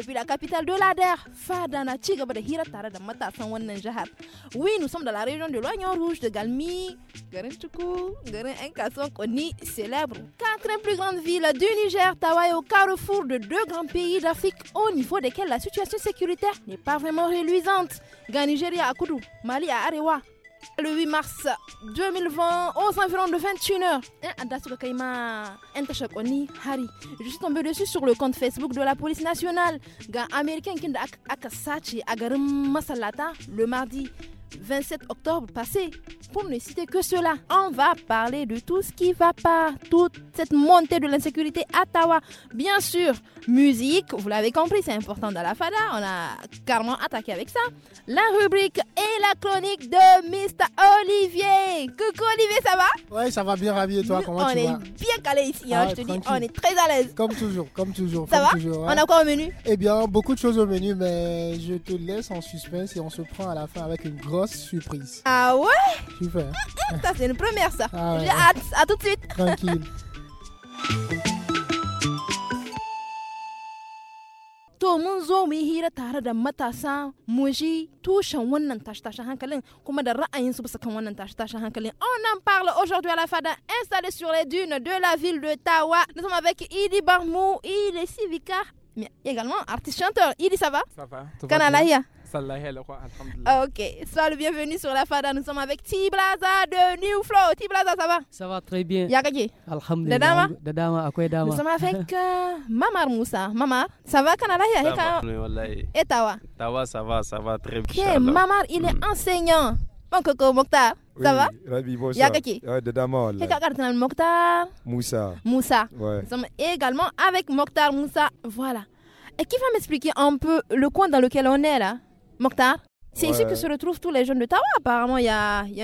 depuis la capitale de l'Ader. Fadana Chigabada Hira da Mata Oui, nous sommes dans la région de l'Oignon Rouge, de Galmi, Garin Choukou, Garin Nkasson, Koni, célèbre. Quatre plus grandes villes du Niger, Tawaï au carrefour de deux grands pays d'Afrique au niveau desquels la situation sécuritaire n'est pas vraiment reluisante. Nigeria à Koudou, Mali à Arewa, le 8 mars 2020 aux environs de 21h. Eh, Je suis tombé dessus sur le compte Facebook de la police nationale. gars américain qui Akasachi, Agarim Masalata, le mardi. 27 octobre passé, pour ne citer que cela. On va parler de tout ce qui va pas, toute cette montée de l'insécurité à Tawa. Bien sûr, musique, vous l'avez compris, c'est important dans la fada, on a carrément attaqué avec ça. La rubrique et la chronique de Mr. Olivier. Coucou Olivier, ça va Ouais, ça va bien, Ravi, et toi, comment tu vas On est bien calé ici, hein, ah je te dis, on est très à l'aise. Comme toujours, comme toujours. Ça va On a quoi au menu Eh bien, beaucoup de choses au menu, mais je te laisse en suspense et on se prend à la fin avec une grosse grosse surprise. Ah ouais Super. ça, c'est une première, ça. Ah J'ai hâte. À tout de suite. Tranquille. To mun zo mu yi hira tare da matasa mu ji tushen wannan tashe tashin hankalin kuma da ra'ayinsu bisa kan wannan tashe tashin hankalin. On en parle aujourd'hui à la FADA installée sur les dunes de la ville de Tawa. Nous sommes avec Idi Barmou, il est civica, mais également artiste-chanteur. Idi, ça va? Ça va. Kanalaya. Ok, sois le bienvenu sur la Fada. Nous sommes avec Tiblaza de New Flow. Tiblaza, ça va Ça va très bien. Yakaki Alhamdulillah. De hein? dama, hein? à quoi Nous hein? sommes avec euh, Mamar Moussa. Mamar, ça va Canada Et Tawa Tawa, ça va, ça va très bien. Ok, Mamar, il est mm. enseignant. Mon coco Mokhtar, ça va Rabi, bonsoir. Yakaki Ouais, Dadama. Kekakartan Mokhtar Moussa. Moussa. Ouais. Nous sommes également avec Mokhtar Moussa. Voilà. Et qui va m'expliquer un peu le coin dans lequel on est là Mokhtar c'est ici que se retrouvent tous les jeunes de Tawa. Apparemment, il y,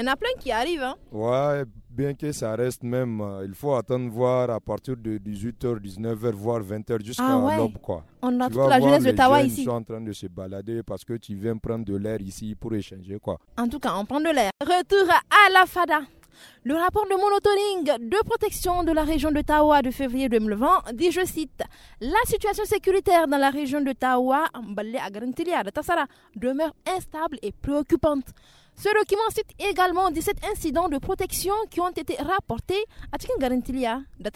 en a plein qui arrivent. Hein. Ouais, bien que ça reste même, euh, il faut attendre voir à partir de 18h, 19h, voire 20h jusqu'à ah l'aube. Quoi. On a toute la jeunesse de Tawa ici. Ils sont en train de se balader parce que tu viens prendre de l'air ici pour échanger. quoi. En tout cas, on prend de l'air. Retour à la Fada. Le rapport de monotoning de protection de la région de Tawa de février 2020 dit, je cite, La situation sécuritaire dans la région de Tawa, à demeure instable et préoccupante. Ce document cite également 17 incidents de protection qui ont été rapportés à Tchikin Garantilia de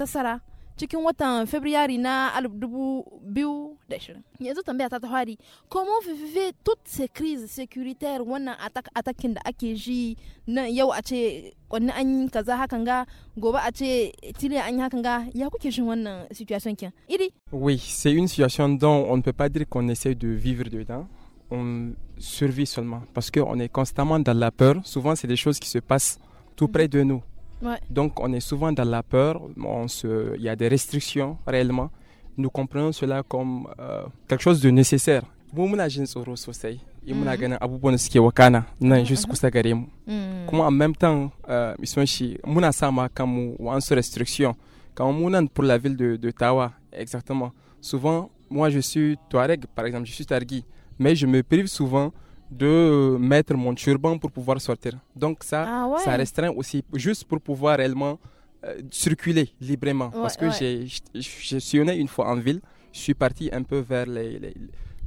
cikin watan Fabrairu na 2020. Yanzu tambaya ta ta fari, comment vivez toutes ces crises sécuritaires wannan atakin da ake ji na yau a ce wani an yi kaza hakan ga gobe a ce tile an yi hakan ga ya kuke shin wannan situation kin? Iri? Oui, c'est une situation dont on ne peut pas dire qu'on essaie de vivre dedans. On survit seulement parce qu'on est constamment dans la peur. Souvent, c'est des choses qui se passent tout près de nous. Donc on est souvent dans la peur, il y a des restrictions réellement. Nous comprenons cela comme euh, quelque chose de nécessaire. En muna wakana même temps euh, muna ma restrictions pour la ville de, Tawa exactement souvent moi je suis Touareg par exemple je suis Targi mais je me prive souvent de mettre mon turban pour pouvoir sortir. Donc ça, ah ça restreint aussi, juste pour pouvoir réellement euh, circuler librement. parce que je j'ai sillonné une fois en ville, je suis parti un peu vers les,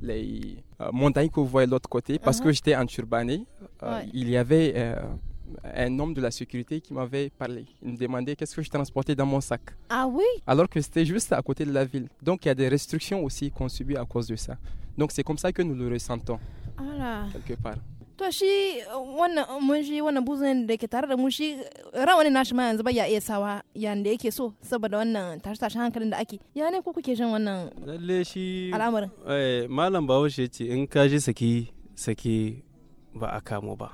euh, montagnes que vous voyez de l'autre côté, parce que uh-huh. j'étais en turbané. Euh, il y avait un homme de la sécurité qui m'avait parlé. Il me demandait qu'est-ce que je transportais dans mon sac. Ah oui Alors que c'était juste à côté de la ville. Donc il y a des restrictions aussi qu'on subit à cause de ça. Donc c'est comme ça que nous le ressentons. Voilà. Quelque part. to shi wannan mun shi wannan buzun da ke tare da mu shi rawani nashi ma yanzu ba ya iya sawa yayin yake so saboda wannan tashi-tashi hankalin da ake ya ne ko kuke jin wannan lalle shi al'amarin eh malam bahaushe ce in ka ji saki saki ba a kamo ba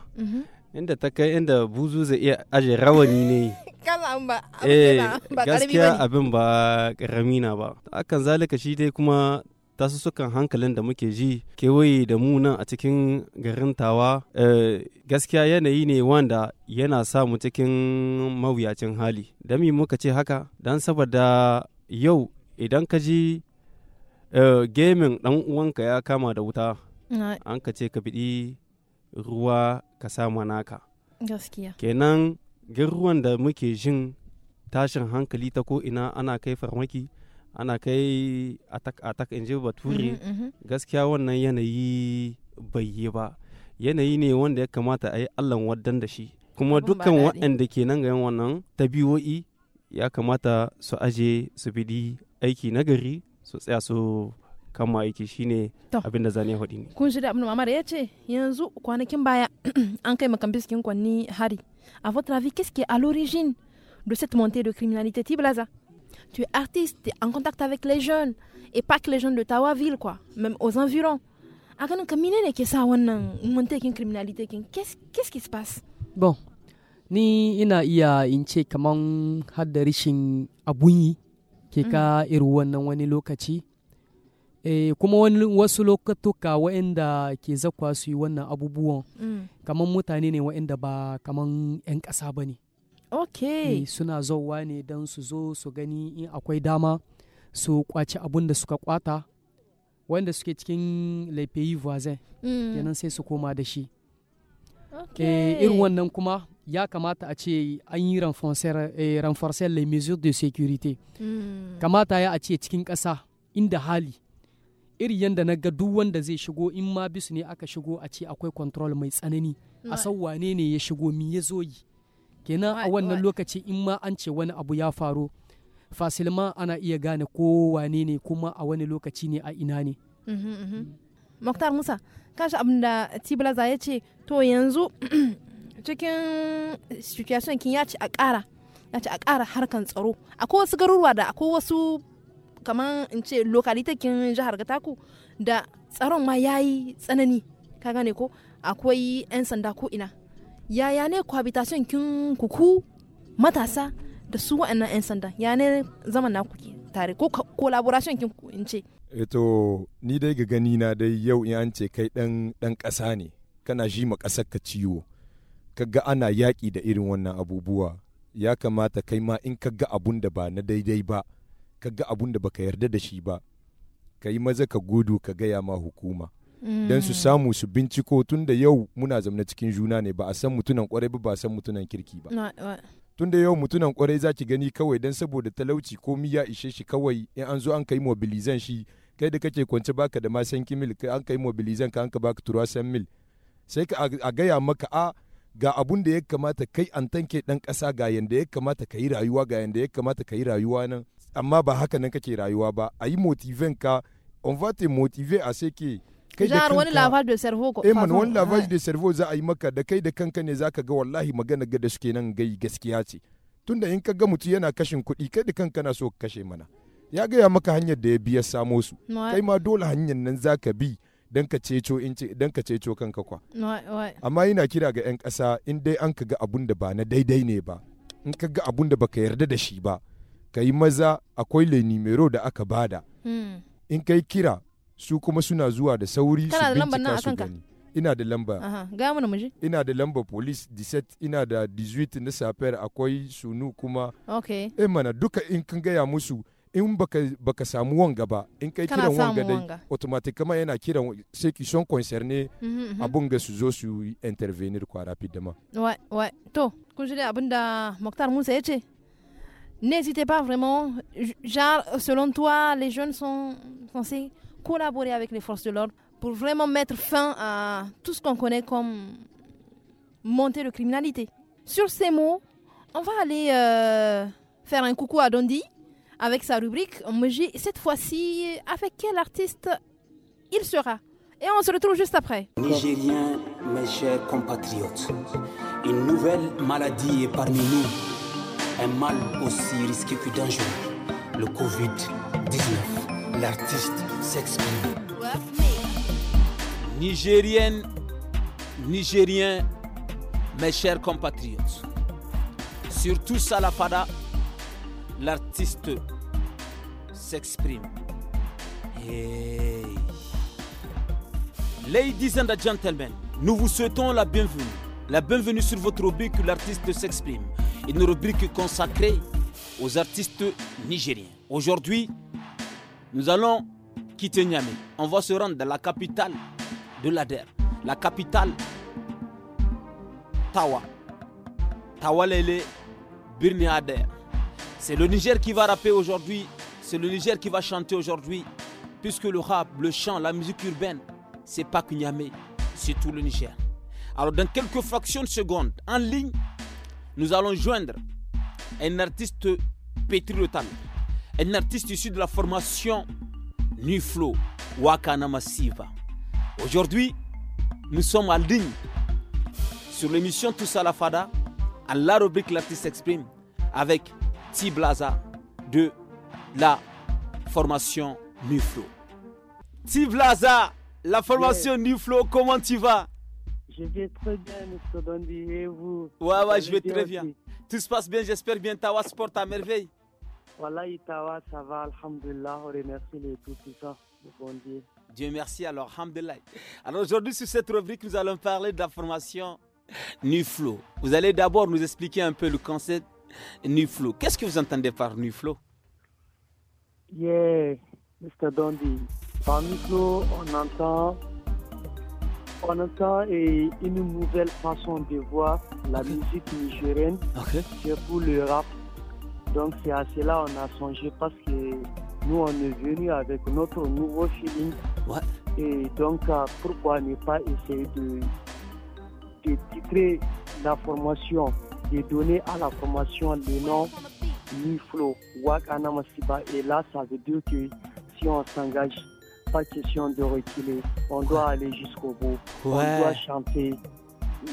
inda ta kai inda buzu zai iya aje rawani ne kalan ba eh gaskiya abin ba karami na ba akan ah, zalika shi dai kuma tasussukan hankalin da muke ji kewaye da mu nan a cikin garin tawa eh, gaskiya yanayi ne wanda yana sa cikin mawuyacin hali dami muka ce haka don saboda yau idan ka ji eh, gemin dan uwanka ya kama da wuta an ka ce ka biɗi ruwa ka sama naka gaskiya kenan ruwan da muke jin tashin hankali ta ko ina ana kai farmaki ana kai atak atak in ji bature mm-hmm, mm-hmm. gaskiya wannan yanayi bai yi ba yanayi ne wanda ya kamata a yi allan waddan da shi kuma dukkan waɗanda ke nan ga wannan tabiwo'i ya kamata su aje su bidi aiki na gari su tsaya su kama aiki shine abin da zane hudu ne kun da abin mamara ya ce yanzu kwanakin baya an kai makan biskin kwanni hari a votre avis qu'est-ce qui est à l'origine de cette montée de criminalité tu es artiste, tu es en contact avec les jeunes. Et pas que les jeunes de Ville, quoi, même aux environs. criminalité, qu'est-ce qu'est-ce qui se passe Bon, ni ina iya in kamang kaman hada rishin yi ke ka mm-hmm. iru wannan wani lokaci e, kuma wani wasu lokatuka waɗanda ke zakwa su yi wannan abubuwan mm. kaman mutane ne waɗanda ba kaman 'yan ƙasa ba ne ok eh, suna zauwa ne don su zo su gani in akwai dama su kwaci abun da suka kwata wanda suke cikin laifayi voisin mm. kenan sai su koma da shi okay eh, irin wannan kuma ya kamata a ce an yi renforcer eh, les mesures de sécurité mm. kamata ya a ce cikin ƙasa inda hali iri yadda na ga duk wanda zai shigo in ma bisu ne aka shigo a ce akwai control mai tsanani a wanene wane ne ya shigo mi ya zo kenan a wannan lokaci in ma an ce wani abu ya faru fasilma ana iya gane ko wane ne kuma a wani lokaci ne a ina ne mhm, mhm. Muktar Musa kashi abin da Tiblaza ya ce to yanzu cikin situation kin ya ce a kara ya ce a kara harkan tsaro akwai wasu garuruwa da akwai wasu kamar in ce lokalitakin jihar Gataku da tsaron ma ya yi tsanani ka gane ko akwai 'yan sanda ko ina yaya ne cohabitation kin kuku matasa da su wa'annan 'yan sanda ya ne zaman na kuke tare ko collaboration kin in ce eto eh ni dai ga gani na dai yau in an ce kai dan dan ƙasa ne kana ji ma kasar ka ciwo kaga ana yaki da irin wannan abubuwa ya kamata kai ma in kaga abun da ba na daidai ba kaga abun da baka yarda da shi ba ka maza ka gudu ka gaya ma hukuma don su mm. samu su binciko tun da yau muna zamna cikin juna ne ba a san mutunan kwarai ba ba san mutunan kirki ba tun da yau mutunan kwarai za ki gani kawai don saboda talauci ko ya ishe shi kawai in an zo an kai mobilizan shi kai da kake kwance baka da ma san kimil an kai mobilizan ka an ka baka turuwa san mil sai ka a gaya maka a ga abun da ya kamata kai an tanke dan kasa ga yanda ya kamata ka yi rayuwa ga yanda ya kamata ka yi rayuwa nan amma ba haka nan kake rayuwa ba a yi motiven ka on va te motiver a ce que kai da kanka wani lavage de cerveau ko eh man wani lavage eh. de cerveau za a yi maka da kai da kanka ne zaka ga wallahi magana ga da suke nan gai gaskiya ce tunda in ka ga mutum yana kashin kuɗi kai da kanka na so ka kashe mana ya gaya maka hanyar da ya biya samo su kai ma dole hanyar nan zaka bi dan ka ceto in dan ka ceco kanka kwa amma yana kira ga 'yan ƙasa in dai an ka ga abun da ba na daidai ne ba in ka ga abun da baka yarda da shi ba ka maza akwai le numero da aka bada hmm. in kai kira su kuma suna zuwa da sauri su bincika su gani ina da lamba ga mana muje ina da lamba police 17 ina da 18 na safiyar akwai sunu kuma okay eh mana duka in kan gaya musu in baka baka samu wanga ba in kai kiran wanga dai automatiquement yana kiran ceux qui sont concernés mhm, mhm. abun ga su zo su intervenir kwa rapidement ouais ouais to kun ji abinda Moktar Musa yace n'hésitez pas vraiment genre selon toi les jeunes sont censés collaborer avec les forces de l'ordre pour vraiment mettre fin à tout ce qu'on connaît comme montée de criminalité. Sur ces mots, on va aller euh, faire un coucou à Dondi avec sa rubrique Mji. Cette fois-ci, avec quel artiste il sera Et on se retrouve juste après. Nigériens, mes chers compatriotes, une nouvelle maladie est parmi nous. Un mal aussi risqué que dangereux, le Covid-19. L'artiste s'exprime. Nigérienne, Nigérien, mes chers compatriotes, surtout Salafada, l'artiste s'exprime. Hey. Ladies and gentlemen, nous vous souhaitons la bienvenue. La bienvenue sur votre rubrique L'artiste s'exprime. Une rubrique consacrée aux artistes nigériens. Aujourd'hui, nous allons on va se rendre dans la capitale de l'ADER, la capitale Tawa. Tawalele Birni Ader. C'est le Niger qui va rapper aujourd'hui, c'est le Niger qui va chanter aujourd'hui, puisque le rap, le chant, la musique urbaine, c'est pas que c'est tout le Niger. Alors dans quelques fractions de secondes, en ligne, nous allons joindre un artiste pétri un artiste issu de la formation Nuflo, Wakana Massiva. Aujourd'hui, nous sommes en ligne sur l'émission Tous à la Fada, à la rubrique L'artiste s'exprime avec Tiblaza de la formation Nuflo. Tiblaza, la formation Niflo, Nuflo, comment tu vas Je vais très bien, Mr. Dondi, et vous Ouais, ouais, je vais très bien. Tout se passe bien, j'espère bien. Tawa se à merveille. Voilà, Itawa, ça va, Alhamdulillah, on remercie les Tout-Puissants, le bon Dieu. Dieu merci, alors, Alhamdulillah. Alors aujourd'hui, sur cette rubrique, nous allons parler de la formation Nuflo. Vous allez d'abord nous expliquer un peu le concept Nuflo. Qu'est-ce que vous entendez par Nuflo Yeah, Mr. Dondi. Par Nuflo, on entend, on entend une nouvelle façon de voir la musique nigérienne. Okay. C'est pour le rap donc c'est à cela qu'on a songé parce que nous on est venu avec notre nouveau feeling. Et donc euh, pourquoi ne pas essayer de, titrer la formation de donner à la formation le nom Miflo Masiba. Et là ça veut dire que si on s'engage, pas question de reculer. On doit aller jusqu'au bout. On doit chanter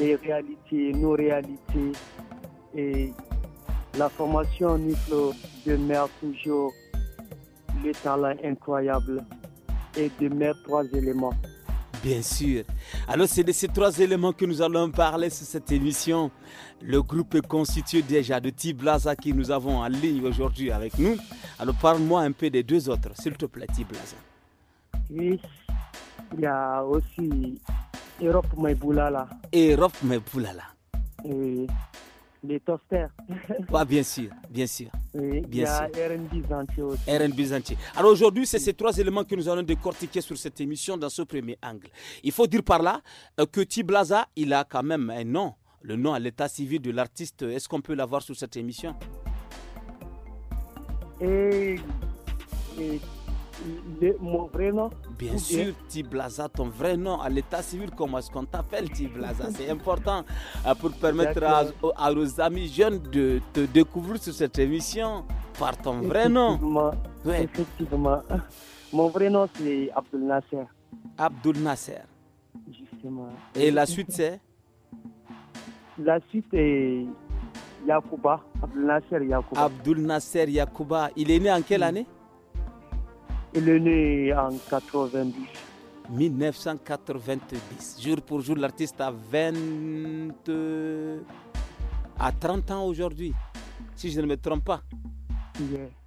les réalités, nos réalités. Et la formation de demeure toujours le talent incroyable et demeure trois éléments. Bien sûr. Alors c'est de ces trois éléments que nous allons parler sur cette émission. Le groupe est constitué déjà de Tiblaza qui nous avons en ligne aujourd'hui avec nous. Alors parle-moi un peu des deux autres, s'il te plaît Tiblaza. Oui, il y a aussi Europe Meboulala. Europe Meboulala. Oui les toasters. bien sûr, bien sûr. il y a RNB Alors aujourd'hui, c'est ces trois éléments que nous allons décortiquer sur cette émission dans ce premier angle. Il faut dire par là euh, que Tiblaza, il a quand même un nom. Le nom à l'état civil de l'artiste, est-ce qu'on peut l'avoir sur cette émission et, et mon vrai nom Bien sûr, Tiblaza, ton vrai nom à l'état civil, comment est-ce qu'on t'appelle Tiblaza C'est important euh, pour permettre à, nos amis jeunes de te découvrir sur cette émission par ton vrai nom. Effectivement. Mon vrai nom, c'est Abdul Nasser. Abdul Nasser. Justement. Et la suite, c'est La suite est Yacouba. Abdul Nasser Yacouba. Abdul Nasser Yacouba. Il est né en quelle année il est né en 1990. 1990. Jour pour jour, l'artiste a 20... à 30 ans aujourd'hui, si je ne me trompe pas.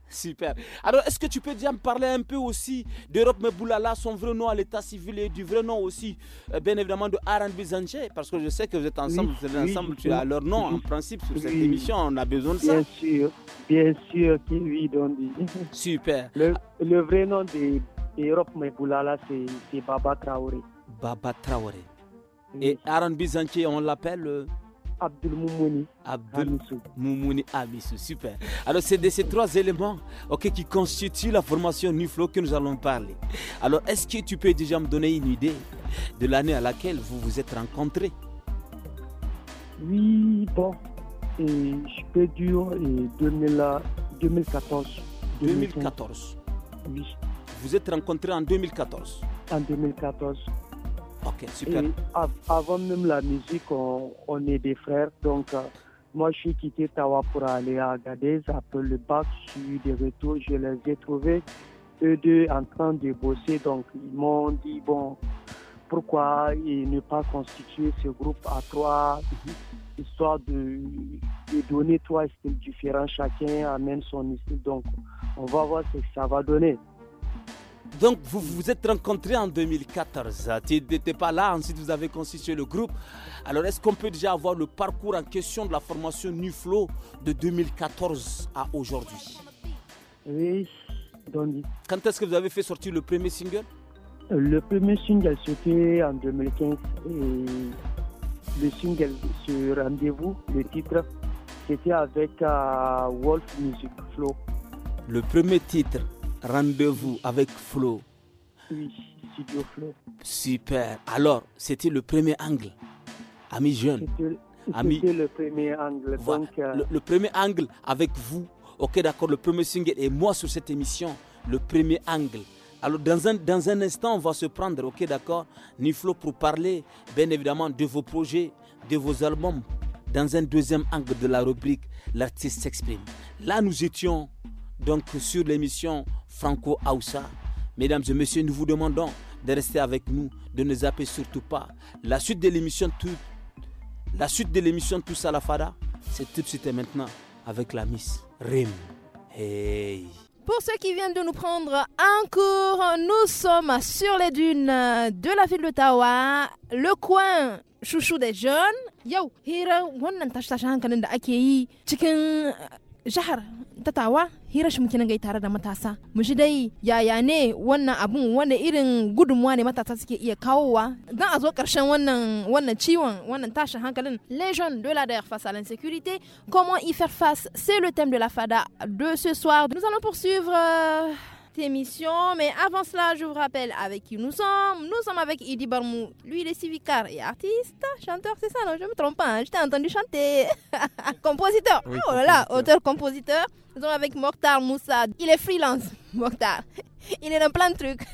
Super. Alors, est-ce que tu peux déjà me parler un peu aussi d'Europe Meboulala, son vrai nom à l'état civil et du vrai nom aussi, euh, bien évidemment, de Aaron Bizanché, Parce que je sais que vous êtes ensemble, vous êtes ensemble, tu as leur nom en principe sur cette émission, on a besoin de ça. Bien sûr, bien sûr, oui, Super. Le, vrai nom d'Europe de Meboulala, c'est Baba Traoré. Baba Traoré. Et Aran Bizanché on l'appelle euh, Abdul Moumouni Amissou, super. Alors c'est de ces trois éléments qui constituent la formation NUFLO que nous allons parler. Alors est-ce que tu peux déjà me donner une idée de l'année à laquelle vous vous êtes rencontrés Oui, bon, je peux dire 2014. 2014 Oui. Vous êtes rencontrés en 2014 En 2014 avant même la musique, on, est des frères. Donc, euh, moi, je suis quitté Tawa pour aller à Agadez. Après le bac, je suis des retour. Je les ai trouvés, eux deux, en train de bosser. Donc, ils m'ont dit, bon, pourquoi ne pas constituer ce groupe à trois, histoire de, de donner trois styles différents. Chacun amène son style. Donc, on va voir ce que ça va donner. Donc vous vous êtes rencontrés en 2014. Tu n'étais pas là, ensuite vous avez constitué le groupe. Alors est-ce qu'on peut déjà avoir le parcours en question de la formation Nuflo de 2014 à aujourd'hui Oui, Quand est-ce que vous avez fait sortir le premier single Le premier single c'était en 2015 et le single sur rendez-vous, le titre, c'était avec euh, Wolf Music Flow. Le premier titre rendez-vous avec Flo. Oui, studio Flo. Super. Alors, c'était le premier angle. Amis jeunes. C'était le premier angle. Euh, le, premier angle avec vous. Ok, d'accord. Le premier single et moi sur cette émission. Le premier angle. Alors, dans un, dans un instant, on va se prendre, ok, d'accord, Niflo, pour parler, bien évidemment, de vos projets, de vos albums. Dans un deuxième angle de la rubrique, l'artiste s'exprime. Là, nous étions donc sur l'émission franco-aoussa. Mesdames et messieurs, nous vous demandons de rester avec nous, de ne zapper surtout pas. La suite de l'émission tout, la suite de l'émission Tous à la Fada, c'est tout de suite maintenant avec la Miss Rim. Hey. Pour ceux qui viennent de nous prendre en cours, nous sommes sur les dunes de la ville d'Ottawa, le coin chouchou des jeunes. Yo, here, da eh, tatawa hirar shi muke nan gai tare da matasa mu shi dai yaya ne wannan abun wanda irin gudunmuwa ne matasa suke iya kawowa don a zo karshen wannan wannan ciwon wannan tashin hankalin les jeunes de la guerre face à l'insécurité comment y faire face c'est le thème de la fada de ce soir nous allons poursuivre euh émission. Mais avant cela, je vous rappelle avec qui nous sommes. Nous sommes avec Idi Barmou. Lui, il est civicar et artiste, chanteur, c'est ça, non Je me trompe pas, hein. je t'ai entendu chanter. compositeur. Ah, oh là là, auteur-compositeur. Nous sommes avec Mokhtar Moussa. Il est freelance, Mokhtar. Il est dans plein de trucs.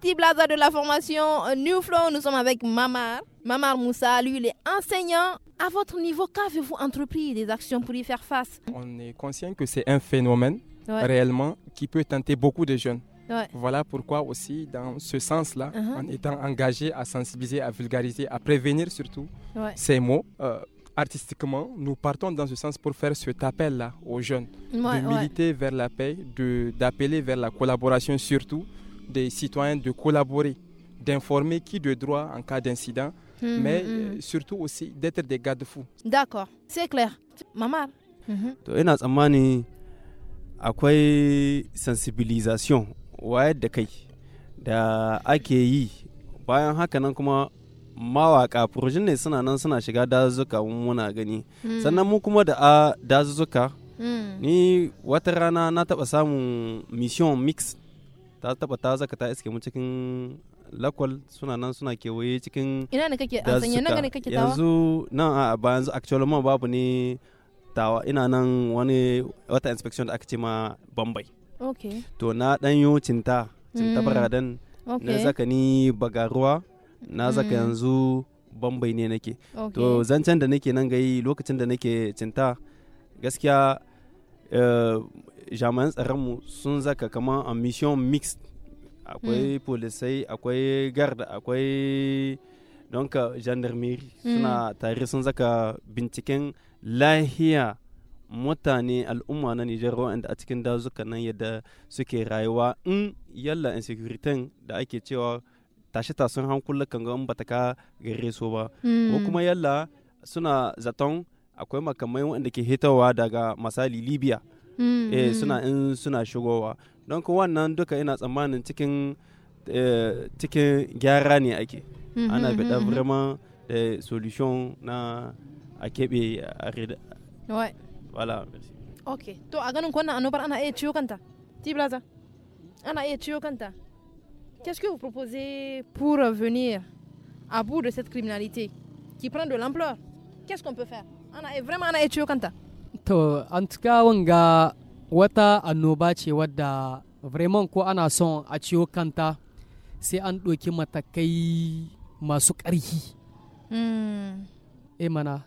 Petit blazer de la formation euh, New Flow, nous sommes avec Mamar. Mamar Moussa, lui, il est enseignant. À votre niveau, qu'avez-vous entrepris des actions pour y faire face On est conscient que c'est un phénomène réellement qui peut tenter beaucoup de jeunes. Voilà pourquoi aussi, dans ce sens-là, uh-huh. en étant engagé à sensibiliser, à vulgariser, à prévenir surtout ces mots, euh, artistiquement, nous partons dans ce sens pour faire cet appel-là aux jeunes, de militer vers la paix, d'appeler vers la collaboration surtout des citoyens, de collaborer, d'informer qui de droit en cas d'incident, hum, mais hum, hum. Euh, surtout aussi d'être des garde-fous. D'accord, c'est clair. Maman. Mhm. akwai sensibilisation wayar da kai da ake yi bayan haka nan kuma mawaka furujin ne suna nan suna shiga dazuzzuka muna gani hmm. sannan mu kuma da a dazuzzuka hmm. ni wata rana na taba samun mission mix ta taba ta zaka ta iske mu cikin lakwal suna nan suna kewaye cikin ina ne kake a sanya nan ne kake tawa yanzu nan a ba yanzu actual babu ne tawa ina nan wani wata inspection da aka ce ma bambai okay. to na ɗanyo cinta cinta mm. baradan okay. na zaka ni bagaruwa na zaka mm. yanzu bambai ne nake okay. to zancen da nake nan gai lokacin da nake cinta gaskiya uh, jami'an tsaronmu sun zaka kama a mission mixed akwai mm. polisai akwai garda akwai donka gendarmerie mm. suna tare sun zaka binciken lahiya mutane al'umma na Nijar waɗanda a cikin dazuka nan yadda suke rayuwa in yalla insecurity da ake cewa tashi tasun hankula kan ga ba ta ka gare su ba mm. ko kuma yalla suna zaton akwai makamai waɗanda ke hitowa daga misali Libya mm, eh mm. suna in suna shigowa don ku wannan duka ina tsammanin cikin eh, cikin gyara ne ake mm-hmm, ana bada mm-hmm, mm-hmm. vraiment eh, solution na a keɓe a rida ouais. voilà merci ok to a konna wannan annobar ana e ciwo kanta tiblaza ana e ciwo kanta qu'est-ce que vous proposez pour venir à bout de cette criminalité qui prend de l'ampleur qu'est-ce qu'on peut faire ana e vraiment ana e ciwo kanta to tout cas, wanga wata annoba ce wadda vraiment ko ana son a ciwo kanta sai an ɗauki matakai masu ƙarfi. Mm. E eh, mana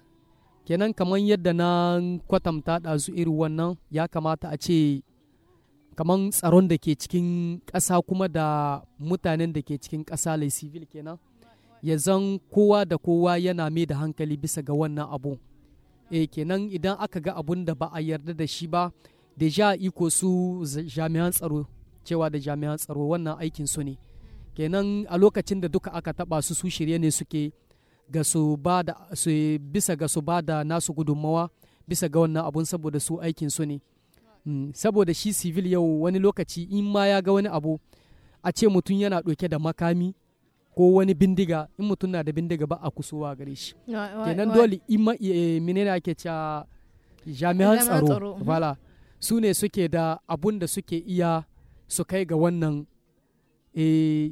kenan kamar yadda na kwatanta ɗazu irin wannan ya kamata a ce kamar tsaron da ke cikin ƙasa kuma da mutanen da ke cikin ƙasa lai civil kenan ya zan kowa da kowa yana mai da hankali bisa ga wannan abu e kenan idan aka ga abun da ba a yarda da shi ba da ja iko su jami'an tsaro cewa da jami'an tsaro wannan aikin su ne kenan a lokacin da duka aka taba su su shirye ne suke ga su ba da su bisa ga su ba da nasu gudunmawa bisa ga wannan abun saboda su aikin su ne mm, saboda shi civil yau wani lokaci in ma ya ga wani abu a ce mutum yana ɗauke da makami ko wani bindiga in mutum na da bindiga ba a kusowa gare shi kenan dole in ma eh, na ake cewa jami'an tsaro bala mm. su ne suke da abun da suke iya su kai ga wannan eh,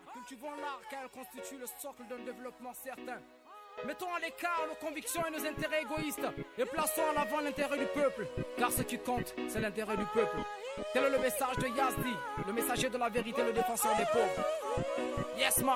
Conservons l'art car elle constitue le socle d'un développement certain. Mettons à l'écart nos convictions et nos intérêts égoïstes et plaçons en avant l'intérêt du peuple, car ce qui compte, c'est l'intérêt du peuple. Tel est le message de Yazdi, le messager de la vérité, le défenseur des pauvres. Yes, man.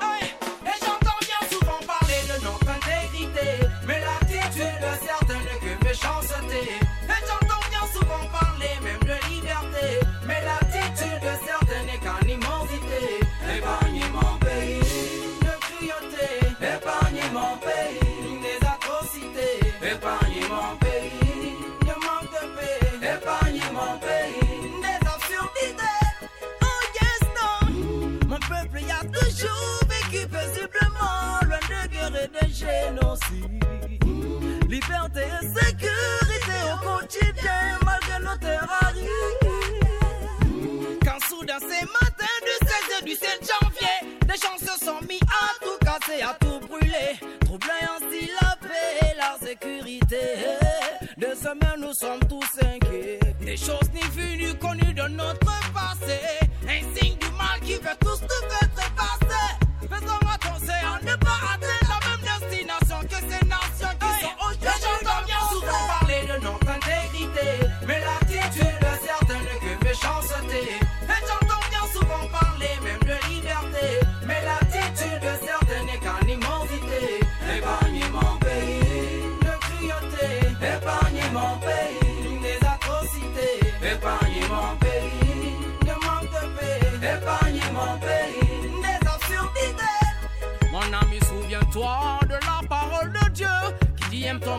Des choses ni vues ni connues de notre passé.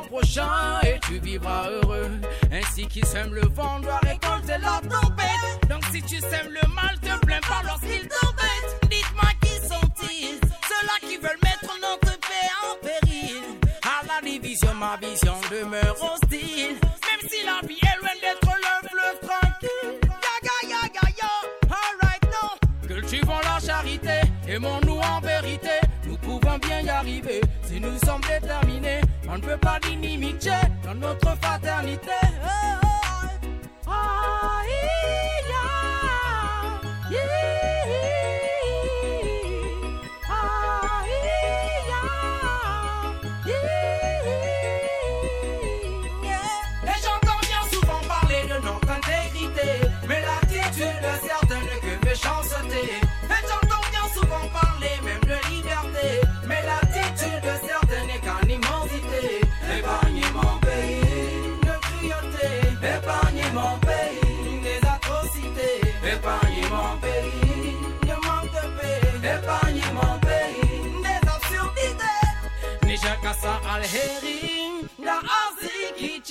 prochain et tu vivras heureux. Ainsi qui sème le vent doit récolter la tempête. Donc si tu sèmes le mal, te plains pas lorsqu'il t'embête. Dites-moi qui sont-ils, ceux-là qui veulent mettre notre paix en péril. À la division, ma vision demeure hostile. Même si la vie est loin d'être le fleuve tranquille. Ya ya yo, alright now. Cultivons la charité, aimons-nous en vérité pouvons bien y arriver. Si nous sommes déterminés, on ne peut pas d'inimitié dans notre fraternité. Oh, oh, oh. Ah,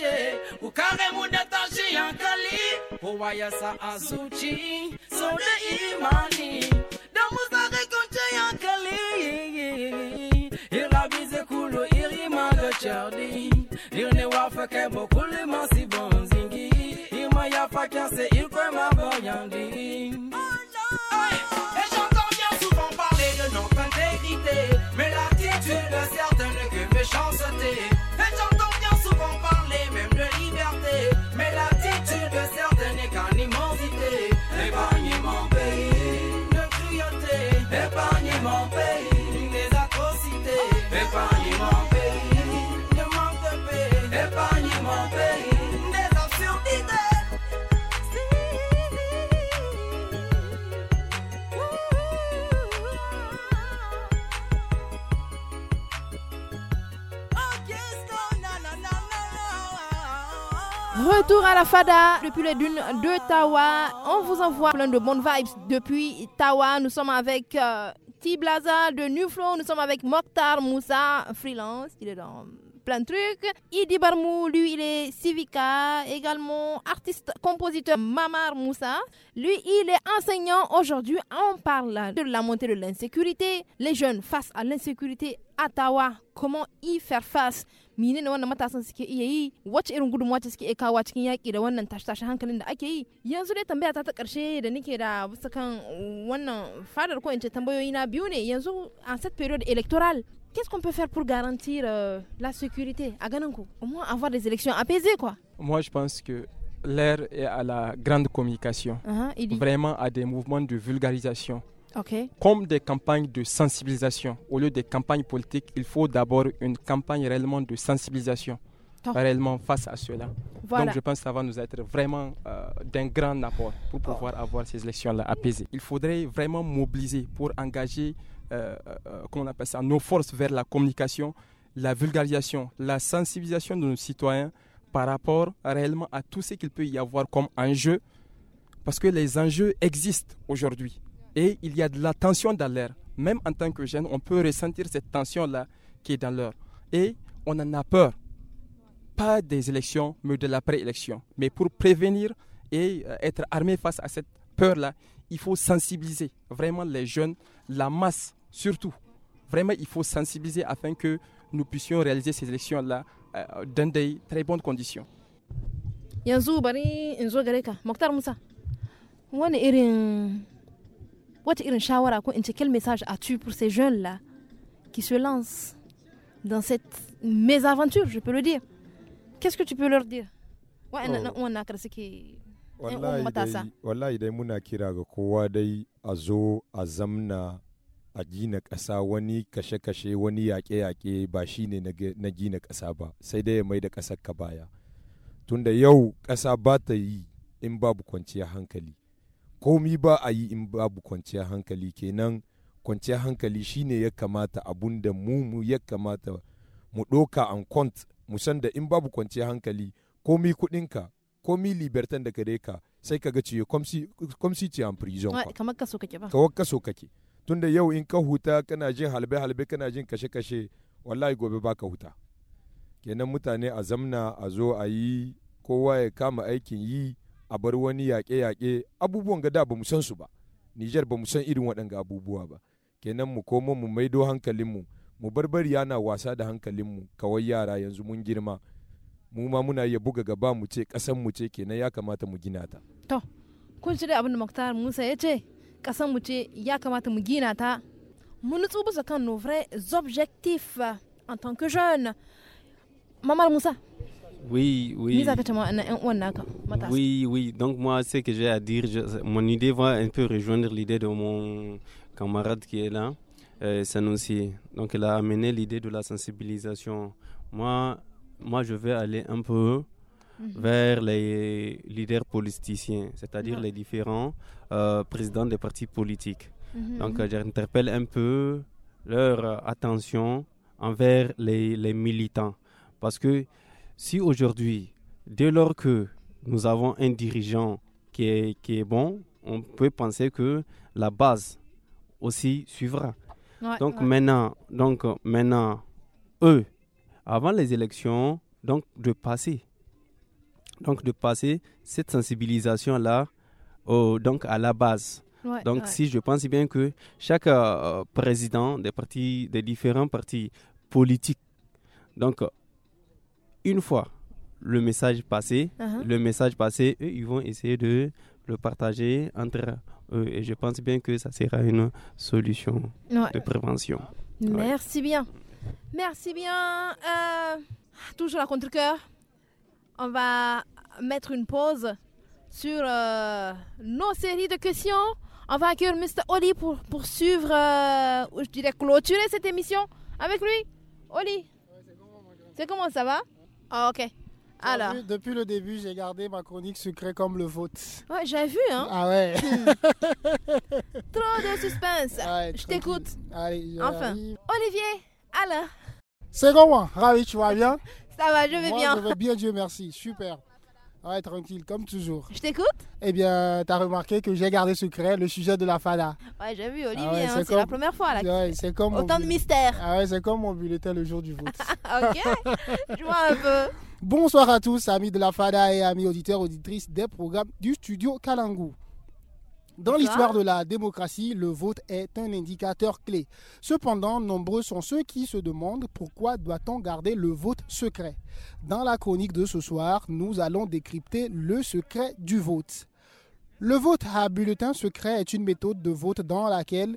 Ukare ukame munatashi yankali, kowa ya sa a zuci sau imani Tour à la FADA depuis les dunes de Tawa. On vous envoie plein de bonnes vibes depuis Tawa. Nous sommes avec euh, Tiblaza de Nuflo, Nous sommes avec Mokhtar Moussa, freelance. Il est dans plein de trucs. Idi Barmou, lui, il est civica, également artiste, compositeur Mamar Moussa. Lui, il est enseignant. Aujourd'hui, on parle de la montée de l'insécurité. Les jeunes face à l'insécurité à Tawa, comment y faire face ne wannan matasan suke iya yi wacce irin gudunmawa ta suke kawo cikin yaƙi da wannan tashe-tashen hankalin da ake yi yanzu dai tambaya ta ta ƙarshe da nake da bisa kan wannan fadar ko in ce tambayoyi na biyu ne yanzu a set period électorale Qu'est-ce qu'on peut faire pour garantir euh, la sécurité à Gananko Au moins avoir des élections apaisées, quoi. Moi, je pense que l'air est à la grande communication. Uh -huh, Vraiment à des mouvements de vulgarisation comme des campagnes de sensibilisation. Au lieu des campagnes politiques, il faut d'abord une campagne réellement de sensibilisation réellement face à cela. Donc je pense que ça va nous être vraiment euh, d'un grand apport pour pouvoir oh. avoir ces élections-là apaisées. Il faudrait vraiment mobiliser pour engager euh, euh, euh appelle ça, nos forces vers la communication, la vulgarisation, la sensibilisation de nos citoyens par rapport réellement à tout ce qu'il peut y avoir comme enjeu, parce que les enjeux existent aujourd'hui. Et il y a de la tension dans l'air. Même en tant que jeune, on peut ressentir cette tension-là qui est dans l'air. Et on en a peur. Pas des élections, mais de la préélection. Mais pour prévenir et euh, être armé face à cette peur-là, il faut sensibiliser vraiment les jeunes, la masse surtout. Vraiment, il faut sensibiliser afin que nous puissions réaliser ces élections-là euh, dans des très bonnes conditions wata irin shawara ko in ce quel message as-tu pour ces jeunes là qui se lancent dans cette mésaventure, je peux le dire. Qu'est-ce que tu peux leur dire oh. eh, wallahi dai muna kira ga kowa dai a zo a zamna a gina ƙasa wani kashe-kashe wani yaƙe-yaƙe ba shi ne na gina ƙasa ba sai dai ya mai da ƙasar ka baya tunda yau ƙasa ba ta yi in babu kwanciyar hankali komi ba a yi in babu kwanciyar hankali kenan kwanciyar hankali shine ya kamata abun da mu mu ya kamata mu ɗoka an kwant mu san da in babu kwanciyar hankali komi kuɗinka komi libertan da gare ka sai ka ga ciye komsi ci an prison ka so kaso kake ba kawai tunda yau in ka huta kana jin halbe halbe kana jin kashe kashe wallahi gobe ba ka huta kenan mutane a zamna a zo a yi kowa ya kama aikin yi a bar wani yaƙe-yaƙe abubuwan gada ba mu san su ba Nijar ba mu san irin waɗanga abubuwa ba kenan mu komo mu maido hankalinmu mu barbari yana wasa da hankalinmu kawai yara yanzu mun girma mu ma muna iya buga gaba mu ce ƙasan mu ce kenan ya kamata mu gina ta to kun shirya abin da Muktar Musa ya ce ƙasan mu ce ya kamata mu gina ta mu nutsu bisa kan nos vrais objectifs en tant que jeune Mamar Musa Oui, oui. Oui, oui. Donc moi, ce que j'ai à dire, mon idée va un peu rejoindre l'idée de mon camarade qui est là, euh, Sanoussi. Donc elle a amené l'idée de la sensibilisation. Moi, moi, je vais aller un peu mhm. vers les leaders politiciens, c'est-à-dire mhm. les différents euh, présidents des partis politiques. Mhm. Donc euh, j'interpelle un peu leur euh, attention envers les, les militants. Parce que si aujourd'hui, dès lors que nous avons un dirigeant qui est, qui est bon, on peut penser que la base aussi suivra. donc, Maintenant, donc maintenant, eux, avant les élections, donc de passer, donc de passer cette sensibilisation-là donc à la base. donc si je pense bien que chaque euh, président des partis, des différents partis politiques, donc une fois le message passé, uh-huh. le message passé, ils vont essayer de le partager entre eux. Et je pense bien que ça sera une solution de prévention. Merci bien. Merci bien. Euh, toujours à contre-coeur. On va mettre une pause sur euh, nos séries de questions. On va accueillir Mr. Oli pour poursuivre, euh, je dirais clôturer cette émission avec lui. Oli, c'est comment ça va ah, ok. Ah, alors. depuis le début, j'ai gardé ma chronique sucrée comme le vôtre. Ouais, j'ai vu, hein. Ah ouais. Trop de suspense. je t'écoute. enfin. Olivier, alors. C'est comment Ravi, tu vas bien Ça va, je vais bien. Je vais bien, Dieu merci. Super. Ouais, tranquille, comme toujours. Je t'écoute Eh bien, t'as remarqué que j'ai gardé secret le sujet de la fada. Ouais, j'ai vu, ah Olivier, hein, c'est la première fois. Là, Autant de mystère. ouais, c'est comme mon bulletin ah le jour du vote. ok, je vois un peu. Bonsoir à tous, amis de la fada et amis auditeurs, auditrices des programmes du studio Kalangou. Dans l'histoire de la démocratie, le vote est un indicateur clé. Cependant, nombreux sont ceux qui se demandent pourquoi doit-on garder le vote secret. Dans la chronique de ce soir, nous allons décrypter le secret du vote. Le vote à bulletin secret est une méthode de vote dans laquelle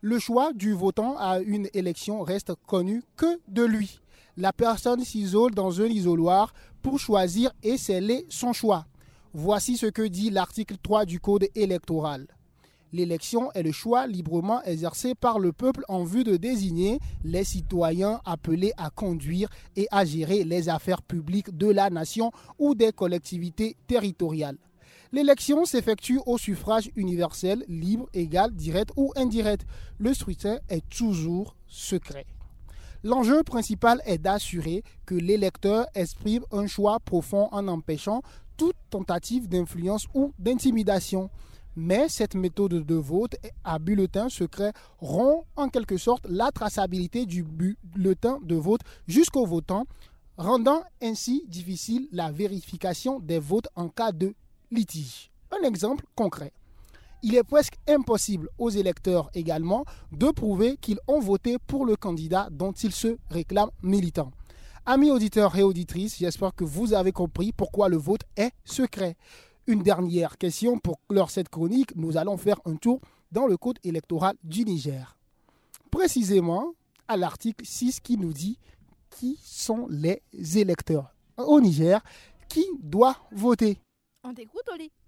le choix du votant à une élection reste connu que de lui. La personne s'isole dans un isoloir pour choisir et sceller son choix. Voici ce que dit l'article 3 du Code électoral. L'élection est le choix librement exercé par le peuple en vue de désigner les citoyens appelés à conduire et à gérer les affaires publiques de la nation ou des collectivités territoriales. L'élection s'effectue au suffrage universel, libre, égal, direct ou indirect. Le scrutin est toujours secret. L'enjeu principal est d'assurer que l'électeur exprime un choix profond en empêchant toute tentative d'influence ou d'intimidation. Mais cette méthode de vote à bulletin secret rompt en quelque sorte la traçabilité du bulletin de vote jusqu'au votant, rendant ainsi difficile la vérification des votes en cas de litige. Un exemple concret. Il est presque impossible aux électeurs également de prouver qu'ils ont voté pour le candidat dont ils se réclament militants. Amis auditeurs et auditrices, j'espère que vous avez compris pourquoi le vote est secret. Une dernière question pour clore cette chronique. Nous allons faire un tour dans le code électoral du Niger. Précisément à l'article 6 qui nous dit qui sont les électeurs au Niger, qui doit voter. On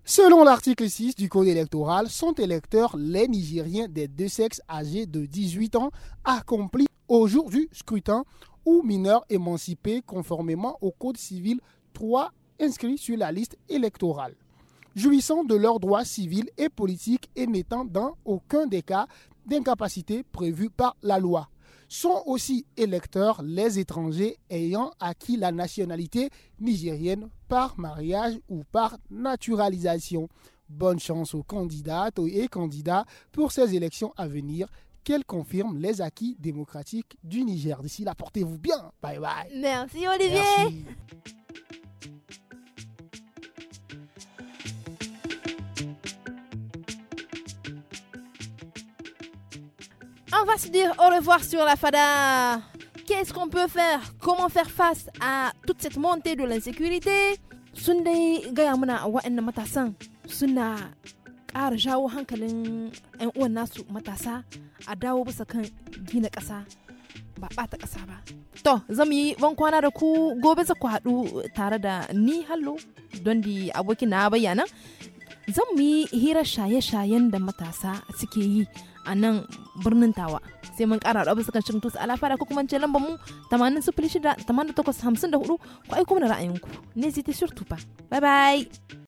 Selon l'article 6 du Code électoral, sont électeurs les Nigériens des deux sexes âgés de 18 ans accomplis au jour du scrutin ou mineurs émancipés conformément au Code civil 3 inscrit sur la liste électorale. Jouissant de leurs droits civils et politiques et n'étant dans aucun des cas d'incapacité prévue par la loi. Sont aussi électeurs les étrangers ayant acquis la nationalité nigérienne par mariage ou par naturalisation. Bonne chance aux candidates et candidats pour ces élections à venir qu'elle confirme les acquis démocratiques du Niger. D'ici là, portez-vous bien. Bye bye. Merci Olivier. On va se dire au revoir sur la FADA. Qu'est-ce qu'on peut faire Comment faire face à toute cette montée de l'insécurité Sunday matasan hankalin a dawo bisa kan gina ƙasa ba ɓata ƙasa ba. To, zan yi ban kwana da ku gobe za ku haɗu tare da ni hallo don di abokin na bayyana. Zan mu yi hira shaye-shayen da matasa suke yi a nan birnin tawa. sai mun kara rabu sukan shirin tusa alafa da kuma ce lambar mu hamsin da hudu ku aiko mana ra'ayinku ne zai ta ba bye bye